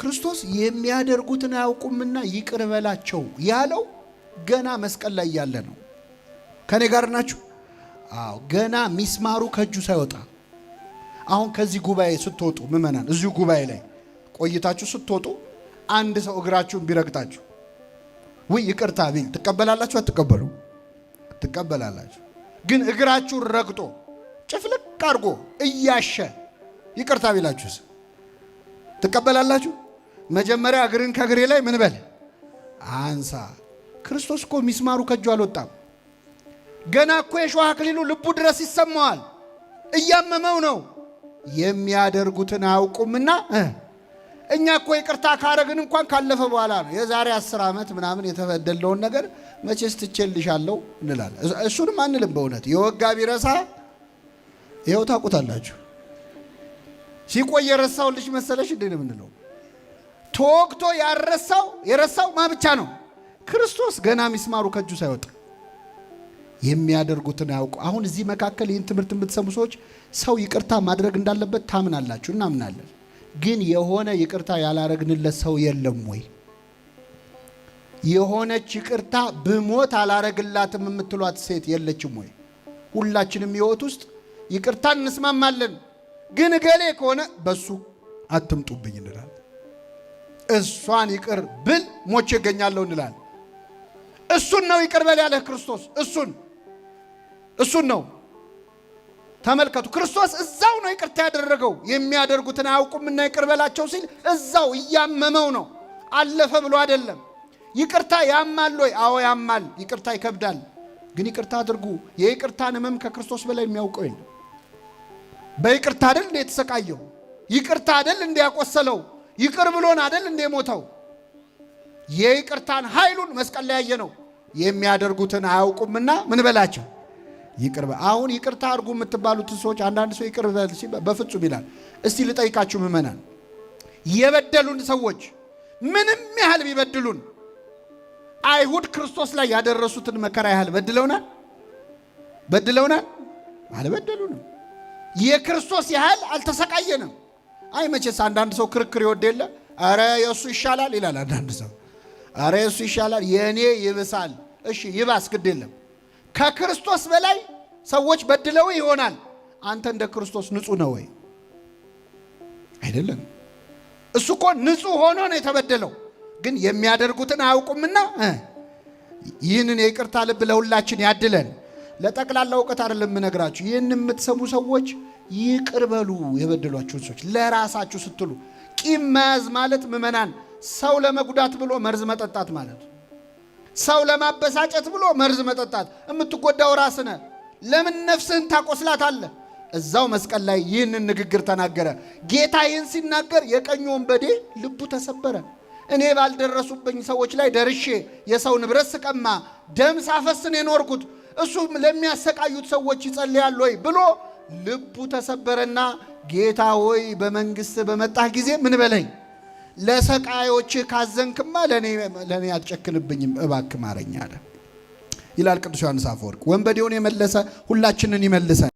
ክርስቶስ የሚያደርጉትን አያውቁምና ይቅር በላቸው ያለው ገና መስቀል ላይ ያለ ነው። ከኔ ጋር ናችሁ? አዎ፣ ገና ሚስማሩ ከእጁ ሳይወጣ አሁን ከዚህ ጉባኤ ስትወጡ ምእመናን፣ እዚሁ ጉባኤ ላይ ቆይታችሁ ስትወጡ አንድ ሰው እግራችሁን ቢረግጣችሁ ውይ ይቅርታ ቢል ትቀበላላችሁ? አትቀበሉ? ትቀበላላችሁ። ግን እግራችሁን ረግጦ ጭፍልቅ አድርጎ እያሸ ይቅርታ ቢላችሁስ ትቀበላላችሁ? መጀመሪያ እግርን ከእግሬ ላይ ምን በል አንሳ። ክርስቶስ እኮ ሚስማሩ ከእጁ አልወጣም። ገና እኮ የእሾህ አክሊሉ ልቡ ድረስ ይሰማዋል። እያመመው ነው። የሚያደርጉትን አያውቁምና እኛ እኮ ይቅርታ ካረግን እንኳን ካለፈ በኋላ ነው። የዛሬ አስር ዓመት ምናምን የተበደለውን ነገር መቼስ ትቼልሻለሁ እንላለን። እሱንም አንልም። በእውነት የወጋ ቢረሳ ይኸው ታውቁታላችሁ። ሲቆይ የረሳውን ልጅ መሰለሽ እንዴ ነው የምንለው ተወግቶ ያረሳው የረሳው ማ ብቻ ነው? ክርስቶስ ገና ሚስማሩ ከእጁ ሳይወጣ የሚያደርጉትን ያውቁ። አሁን እዚህ መካከል ይህን ትምህርት የምትሰሙ ሰዎች ሰው ይቅርታ ማድረግ እንዳለበት ታምናላችሁ፣ እናምናለን። ግን የሆነ ይቅርታ ያላረግንለት ሰው የለም ወይ? የሆነች ይቅርታ ብሞት አላረግላትም የምትሏት ሴት የለችም ወይ? ሁላችንም ሕይወት ውስጥ ይቅርታ እንስማማለን። ግን እገሌ ከሆነ በሱ አትምጡብኝ እንላለን። እሷን ይቅር ብል ሞቼ እገኛለሁ እንላል። እሱን ነው ይቅር በል ያለህ ክርስቶስ። እሱን እሱን ነው ተመልከቱ። ክርስቶስ እዛው ነው ይቅርታ ያደረገው። የሚያደርጉትን አያውቁምና ይቅር በላቸው ሲል እዛው እያመመው ነው። አለፈ ብሎ አይደለም። ይቅርታ ያማል ወይ? አዎ ያማል። ይቅርታ ይከብዳል። ግን ይቅርታ አድርጉ። የይቅርታን ህመም ከክርስቶስ በላይ የሚያውቀው የለም። በይቅርታ አይደል እንደ የተሰቃየው? ይቅርታ አይደል እንዲያቆሰለው ያቆሰለው? ይቅር ብሎን አደል እንደ ሞተው የይቅርታን ኃይሉን መስቀል ላይ ያየ ነው። የሚያደርጉትን አያውቁምና ምን በላቸው ይቅር። አሁን ይቅርታ አድርጉ የምትባሉትን ሰዎች አንዳንድ ሰው ይቅር በፍጹም ይላል። እስቲ ልጠይቃችሁ ምእመናን፣ የበደሉን ሰዎች ምንም ያህል ቢበድሉን አይሁድ ክርስቶስ ላይ ያደረሱትን መከራ ያህል በድለውናል በድለውናል? አልበደሉንም። የክርስቶስ ያህል አልተሰቃየንም። አይ መቼስ አንዳንድ ሰው ክርክር ይወድ የለ ኧረ የእሱ ይሻላል ይላል። አንዳንድ ሰው ኧረ የእሱ ይሻላል የእኔ ይብሳል። እሺ ይባስ፣ ግድ የለም ከክርስቶስ በላይ ሰዎች በድለው ይሆናል። አንተ እንደ ክርስቶስ ንጹህ ነው ወይ? አይደለም። እሱ እኮ ንጹህ ሆኖ ነው የተበደለው፣ ግን የሚያደርጉትን አያውቁምና ይህንን የይቅርታ ልብ ለሁላችን ያድለን። ለጠቅላላ እውቀት አይደለም የምነግራችሁ። ይህን የምትሰሙ ሰዎች ይቅር በሉ የበደሏችሁን ሰዎች ለራሳችሁ ስትሉ። ቂም መያዝ ማለት ምዕመናን ሰው ለመጉዳት ብሎ መርዝ መጠጣት ማለት፣ ሰው ለማበሳጨት ብሎ መርዝ መጠጣት። የምትጎዳው ራስነ ነህ። ለምን ነፍስህን አለ። እዛው መስቀል ላይ ይህንን ንግግር ተናገረ። ጌታ ይህን ሲናገር የቀኝ ወንበዴ ልቡ ተሰበረ። እኔ ባልደረሱብኝ ሰዎች ላይ ደርሼ የሰው ንብረት ስቀማ፣ ደም ሳፈስን የኖርኩት እሱ ለሚያሰቃዩት ሰዎች ይጸልያል ወይ ብሎ ልቡ ተሰበረና ጌታ ሆይ በመንግስት በመጣህ ጊዜ ምን በለኝ፣ ለሰቃዮች ካዘንክማ ለእኔ አትጨክንብኝም፣ እባክ ማረኝ አለ ይላል ቅዱስ ዮሐንስ አፈወርቅ። ወንበዴውን የመለሰ ሁላችንን ይመልሰን።